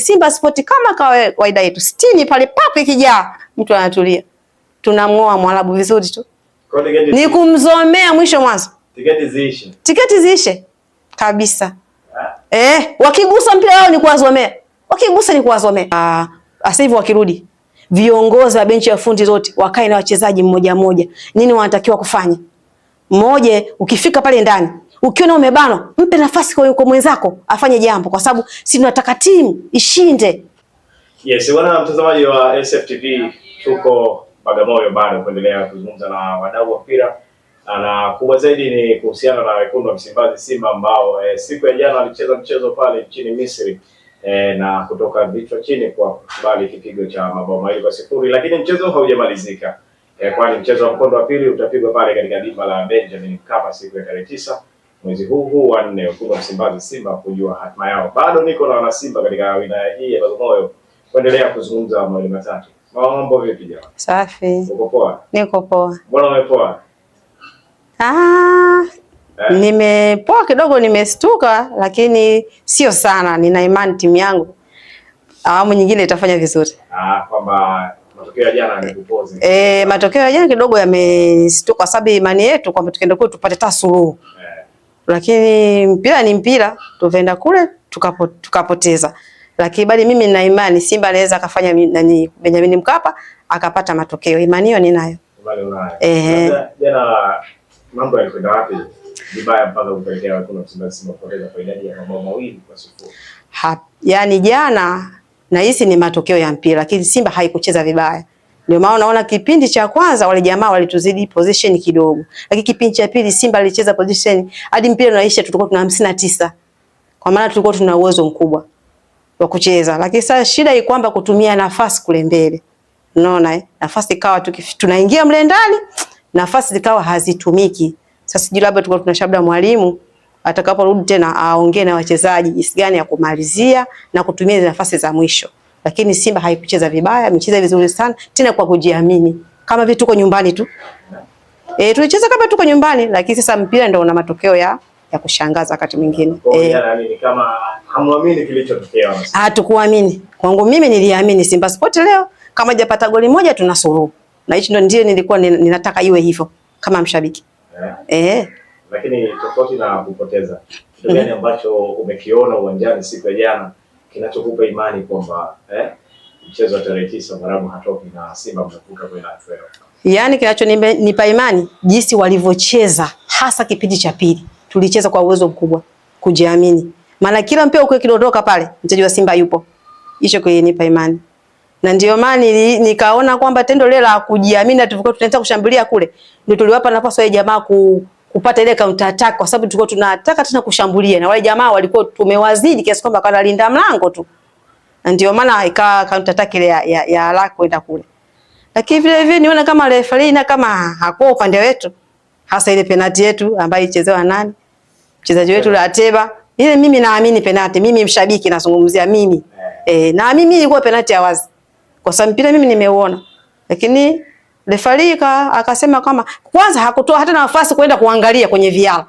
Simba Sport kama kawaida yetu, sitini pale papo ikijaa, mtu anatulia, tunamng'oa mwalabu vizuri tu, ni kumzomea mwisho mwanzo, tiketi ziishe, tiketi ziishe kabisa yeah. Eh, wakigusa mpira wao ni kuwazomea, wakigusa ni kuwazomea. Ah, sasa hivi wakirudi viongozi wa benchi ya fundi zote wakae na wachezaji mmoja mmoja, nini wanatakiwa kufanya. Mmoja ukifika pale ndani ukiona umebanwa, mpe nafasi kwa yuko mwenzako afanye jambo, kwa sababu si tunataka timu ishinde. Yes, bwana mtazamaji wa SFTV, tuko Bagamoyo bado kuendelea kuzungumza na wadau wa mpira na kubwa zaidi ni kuhusiana na wekundu wa Msimbazi Simba ambao e, siku ya jana walicheza mchezo pale nchini Misri e, na kutoka vichwa chini kwa kukubali kipigo cha mabao mawili kwa sifuri, lakini mchezo haujamalizika e, kwani mchezo wa mkondo wa pili utapigwa pale katika dimba la Benjamin Mkapa siku ya tarehe tisa mwezi huu huu wa nne ukumbuka Msimbazi Simba kujua hatima yao. Bado niko na wana Simba katika wilaya hii ya Bagamoyo kuendelea kuzungumza mawili matatu. Mambo vipi jamaa? Safi. Uko poa? Niko poa. Mbona umepoa? Ah, eh, nimepoa kidogo, nimestuka lakini sio sana. Nina imani timu yangu awamu nyingine itafanya vizuri. Ah, kwamba matokeo ya jana eh, matokeo ya jana kidogo yamenistuka kwa sababu imani yetu kwamba tukienda kule tupate taa suluhu lakini mpira ni mpira, tuvenda kule tukapo, tukapoteza. Lakini bali mimi nina imani Simba anaweza akafanya nani Benjamin Mkapa akapata matokeo. Imani hiyo ninayo. Ehe, jana mambo yalikwenda wapi? Vibaya mpaka kupelekea Simba Simba ya mabao mawili kwa sifuri. jana nahisi ni matokeo ya mpira, lakini Simba haikucheza vibaya. Ndio maana unaona kipindi cha kwanza wale jamaa walituzidi position kidogo. Lakini kipindi cha pili Simba alicheza position hadi mpira unaisha tulikuwa tuna hamsini na tisa. Kwa maana tulikuwa tuna uwezo mkubwa wa kucheza. Lakini sasa shida ni kwamba kutumia nafasi kule mbele. Unaona eh? Nafasi ikawa tunaingia mle ndani, nafasi zikawa hazitumiki. Sasa sijui labda tulikuwa tuna shabda mwalimu atakaporudi tena aongee na wachezaji jinsi gani ya kumalizia na kutumia nafasi za mwisho lakini Simba haikucheza vibaya, imecheza vizuri sana tena kwa kujiamini, kama vile tuko nyumbani tu. Eh, tulicheza kama tuko nyumbani, lakini sasa mpira ndio una matokeo ya ya kushangaza wakati mwingine. Eh, kama hamwamini kilichotokea. Hatukuamini. Kwangu mimi niliamini Simba Sport leo kama hajapata goli moja tunasuru. Na hicho ndio ndiye nilikuwa ninataka iwe hivyo kama mshabiki. Yeah. Eh. E. Lakini tofauti na kupoteza. Kitu mhm. gani ambacho umekiona uwanjani siku ya jana? kinachokupa imani kwamba eh, mchezo wa tarehe tisa Mwarabu hatoki na Simba mtakuta kwenye hatua hiyo? Yaani kinachonipa imani jinsi walivyocheza, hasa kipindi cha pili, tulicheza kwa uwezo mkubwa, kujiamini, maana kila mpira uko kidondoka pale, mchezaji wa Simba yupo. Hicho kilinipa imani na ndio maana nikaona kwamba tendo lile la kujiamini, tulikuwa tunaanza kushambulia kule, ndio tuliwapa nafasi ya jamaa ku kupata ile counter attack, kwa sababu tulikuwa tunataka tena kushambulia, na wale jamaa walikuwa tumewazidi kiasi kwamba linda mlango tu, ndio maana ikawa counter attack ile ya, ya, ya haraka kwenda kule. Lakini vile vile niona kama referee na kama hakuwa upande wetu, hasa ile penalty yetu ambayo ilichezewa nani, mchezaji wetu Ateba. ile, mimi naamini penalty, mimi mshabiki nazungumzia mimi eh, na mimi ilikuwa penalty ya wazi, kwa sababu mpira mimi nimeuona, lakini Refarika akasema kama kwanza hakutoa hata nafasi kwenda kuangalia kwenye viala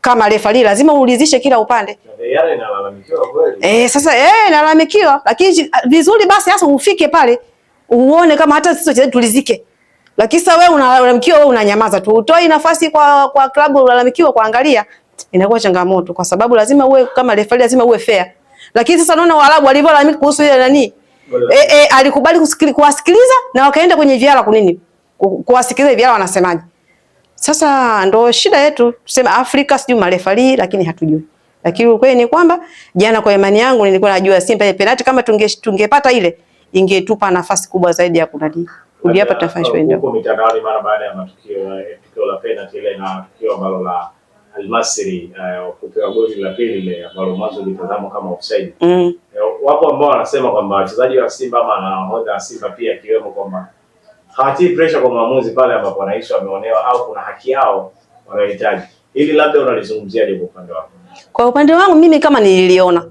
kama refari lazima uulizishe kila upande. Eh, sasa eh, nalalamikiwa lakini ah, vizuri basi hasa ufike pale uone kama hata sisi wachezaji tulizike. Lakini sasa wewe unalalamikiwa, wewe unanyamaza tu. Utoi nafasi kwa kwa klabu unalalamikiwa kuangalia inakuwa changamoto kwa sababu lazima uwe kama refari lazima uwe fair. Lakini sasa naona Waarabu walivyolalamika kuhusu ile nani? Eh, e, alikubali kusikiliza kuwasikiliza na wakaenda kwenye viara kunini? kuwasikiliza hivi wanasemaje. Sasa ndo shida yetu, tuseme Afrika sijui marefali, lakini hatujui. Lakini ukweli ni kwamba jana, kwa imani yangu, nilikuwa najua Simba ile penalti kama tunge, tungepata ile ingetupa nafasi kubwa zaidi ya kunadi kuja hapa tutafanya show ndio. Huko mitandaoni mara baada ya matukio ya eh, tukio la penalti ile na tukio ambalo la Almasri masri eh, kupiga goli la pili ile ambalo mwanzo litazamwa kama offside. Mm. Eh, wapo ambao wanasema kwamba wachezaji wa Simba ama na wa Simba pia kiwemo kwamba hawatii pressure kwa maamuzi pale ambapo wananchi wameonewa au kuna haki yao wanayohitaji. Hili labda unalizungumziaje kwa upande wako? Kwa upande wangu mimi kama nililiona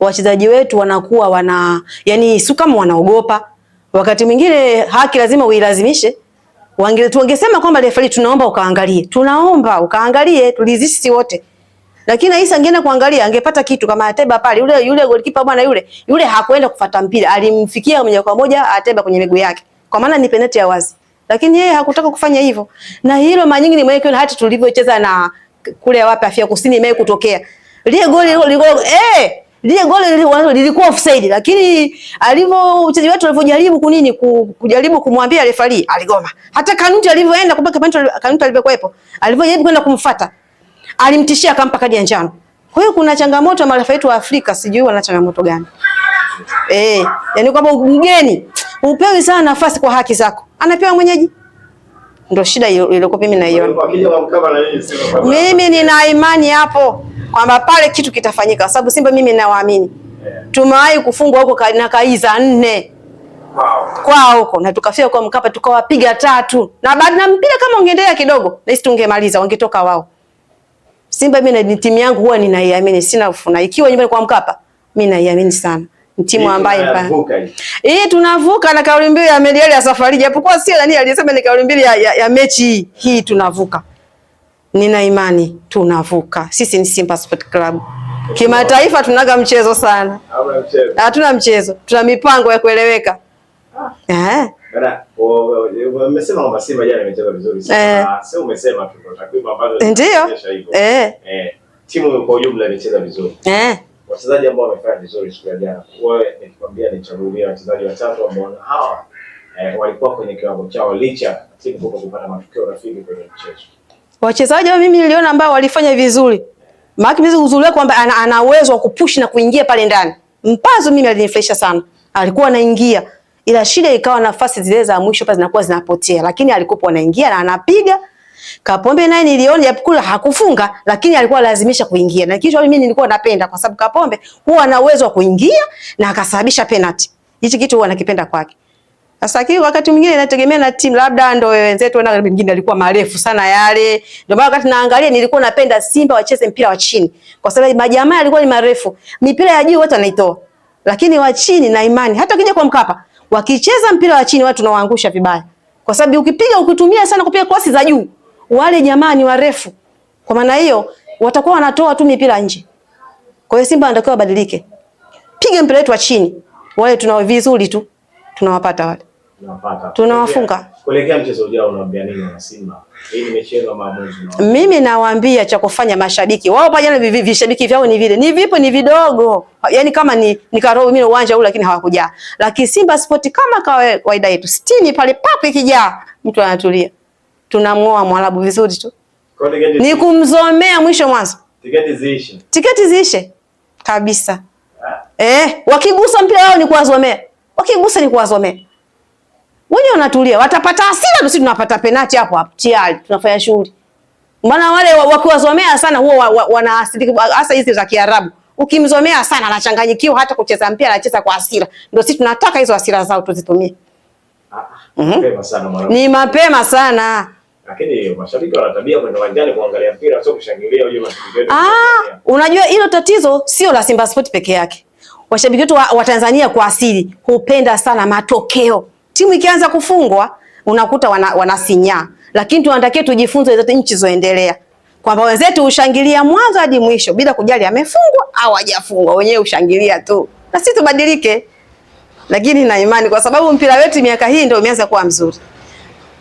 wachezaji wetu wanakuwa wana yani, si kama wanaogopa. Wakati mwingine haki lazima uilazimishe. Wange tungesema kwamba refari, tunaomba ukaangalie, tunaomba ukaangalie, tulizisi wote, lakini Aisa angeenda kuangalia angepata kitu kama Ateba pale. Yule yule goalkeeper bwana, yule yule hakuenda kufuata mpira, alimfikia moja kwa moja Ateba kwenye miguu yake kwa maana ni penati ya wazi, lakini yeye hakutaka kufanya hivyo, na hilo mara nyingi nimeweka hata tulivyocheza na kule wapi Afrika Kusini imewahi kutokea lile goli eh lile goli lilikuwa offside, lakini alivyo mchezaji wetu alivyojaribu kunini kujaribu kumwambia refari aligoma. Hata Kanuti alivyoenda kubaki penalty, Kanuti alivyokuepo alivyojaribu kwenda kumfuata alimtishia, akampa kadi ya njano. Kwa hiyo kuna changamoto ya marafiki wetu wa Afrika, sijui wana changamoto gani eh, yani kwamba mgeni upewi sana nafasi kwa haki zako, anapewa mwenyeji. Ndio shida iliyokuwa mimi naiona. Mimi nina imani hapo kwamba pale kitu kitafanyika, kwa sababu Simba mimi nawaamini. Tumewahi kufungwa huko na Kaiza nne kwao huko na tukafia kwa Mkapa tukawapiga tatu, na baada na mpira kama ungeendelea kidogo, na sisi tungemaliza, wangetoka wao. Simba mimi na timu yangu huwa ninaiamini, sina ufuna. ikiwa nyumbani kwa Mkapa mimi naiamini sana timu ambaye hii eh, tunavuka na kauli mbiu ya Mediali ya safari, japokuwa sio nani aliyesema ni kauli mbiu ya, ya, ya mechi hii hii, tunavuka. Nina imani tunavuka, sisi ni Simba Sport Club. Kimataifa tunaga mchezo sana, hatuna mchezo, Mchezo. tuna mipango ya kueleweka ah. eh. eh. Ah, Ndio eh. eh. eh. timu kwa ujumla imecheza vizuri eh wachezaji ambao wamefanya vizuri siku ya jana, wewe nikikwambia nichagulie wachezaji watatu ambao hawa eh, walikuwa kwenye kiwango chao licha timu kuto kupata matokeo rafiki kwenye mchezo. Wachezaji ambao mimi niliona ambao walifanya vizuri, Maki mimi kuzulia kwamba ana, ana uwezo wa kupush na kuingia pale ndani. Mpazo mimi alinifresha sana, alikuwa anaingia ila shida ikawa nafasi zile za mwisho pale zinakuwa zinapotea, lakini alikuwa anaingia na anapiga Kapombe naye niliona japokuwa hakufunga lakini alikuwa lazimisha kuingia. Na kitu mimi nilikuwa napenda kwa sababu Kapombe huwa ana uwezo wa kuingia na akasababisha penalty. Hichi kitu huwa nakipenda kwake. Sasa kile wakati mwingine inategemea na timu, labda ndio wenzetu na mwingine alikuwa marefu sana yale. Ndio maana wakati naangalia nilikuwa napenda Simba wacheze mpira wa chini kwa sababu majamaa yalikuwa ni marefu. Mipira ya juu watu wanaitoa. Lakini wa chini na imani hata kija kwa Mkapa wakicheza mpira wa chini watu nawaangusha vibaya. Kwa sababu ukipiga ukitumia sana kupiga kosi za juu wale jamaa ni warefu, kwa maana hiyo watakuwa wanatoa tu mipira nje. Kwa hiyo Simba anatakiwa badilike, pige mpira wetu wa chini, wale tunao vizuri tu tunawapata wale tunawafunga kuelekea mchezo ujao. Unawaambia nini na Simba? Hii ni mechi ya maamuzi, mimi nawaambia cha kufanya mashabiki wao pamoja na vishabiki vyao ni vile ni vipo ni vidogo, yaani kama ni nikaroo mimi uwanja huu, lakini hawakuja. Lakini Simba Sport kama kawaida yetu 60 pale papo ikijaa mtu anatulia tunamng'oa Mwarabu vizuri tu, ni kumzomea mwisho mwanzo, tiketi ziishe, tiketi ziishe kabisa ah. Eh, wakigusa mpira wao ni kuwazomea, wakigusa ni kuwazomea. Wenye wanatulia watapata hasira tu, sisi tunapata penati hapo hapo tayari tunafanya shughuli. Maana wale wakiwazomea sana huwa wana hasa hizi za Kiarabu ukimzomea sana anachanganyikiwa, hata kucheza mpira anacheza kwa hasira. Ndio sisi tunataka hizo hasira zao tuzitumie. Ah, mm -hmm. Ni mapema sana. Lakini mashabiki wana tabia kwenda uwanjani kuangalia mpira sio kushangilia hiyo mashabiki wetu. Ah, unajua hilo tatizo sio la Simba Sport peke yake. Washabiki wetu wa, wa Tanzania kwa asili hupenda sana matokeo. Timu ikianza kufungwa unakuta wana, wanasinya. Lakini tunatakiwa tujifunze zote nchi zoendelea kwamba wenzetu hushangilia mwanzo hadi mwisho bila kujali amefungwa au hajafungwa, wenyewe hushangilia tu, na sisi tubadilike. Lakini na imani kwa sababu mpira wetu miaka hii ndio umeanza kuwa mzuri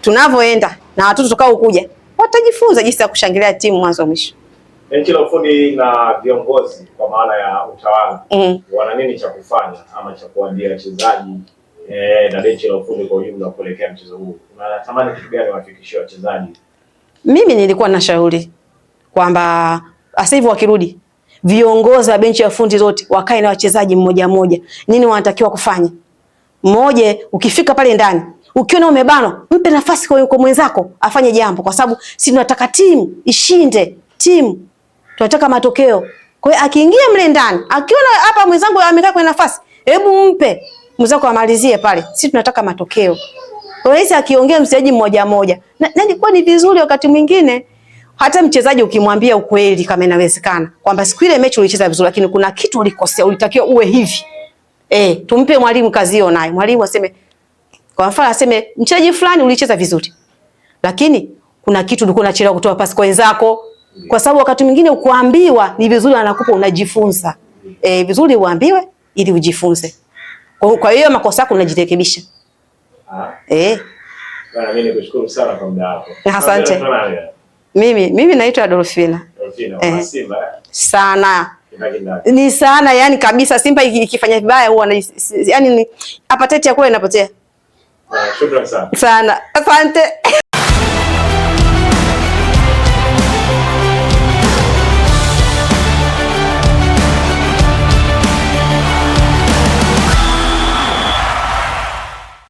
tunavyoenda na watoto tukao kuja watajifunza jinsi ya kushangilia timu mwanzo mwisho. Benchi la ufundi na viongozi kwa maana ya utawala mm. wana nini cha kufanya ama cha kuambia wachezaji eh, na benchi la ufundi kwa ujumla kuelekea mchezo huu, Unatamani kitu gani wafikishie wachezaji? Mimi nilikuwa na shauri kwamba ah, sasa hivi wakirudi viongozi wa benchi ya ufundi zote wakae na wachezaji mmoja mmoja, nini wanatakiwa kufanya mmoja ukifika pale ndani ukiona umebanwa, mpe nafasi kwa yuko mwenzako afanye jambo, kwa sababu si tunataka timu ishinde, timu tunataka matokeo. Kwa hiyo akiingia mle ndani, akiona hapa mwenzangu amekaa kwenye nafasi, hebu mpe mwenzako amalizie pale, si tunataka matokeo. Kwa hiyo akiongea mchezaji mmoja mmoja, na, na kwa ni vizuri wakati mwingine hata mchezaji ukimwambia ukweli, kama inawezekana kwamba siku ile mechi ulicheza vizuri, lakini kuna kitu ulikosea, ulitakiwa uwe hivi eh, tumpe mwalimu kazi hiyo naye. Mwalimu aseme kwa mfano aseme mchezaji fulani ulicheza vizuri. Lakini kuna kitu ulikuwa unachelewa kutoa pasi kwa wenzako. Kwa sababu wakati mwingine ukuambiwa ni vizuri anakupa unajifunza. Eh, vizuri uambiwe ili ujifunze. Kwa, kwa hiyo makosa yako unajirekebisha. Ah. Eh. Bwana mimi nikushukuru sana kwa muda wako. Asante. Mimi mimi naitwa Dorofina. Dorofina, eh, sana ni sana yani kabisa. Simba ikifanya vibaya huwa yani, appetite ya kula inapotea. Ah, Shukrani sana. Sana. Asante.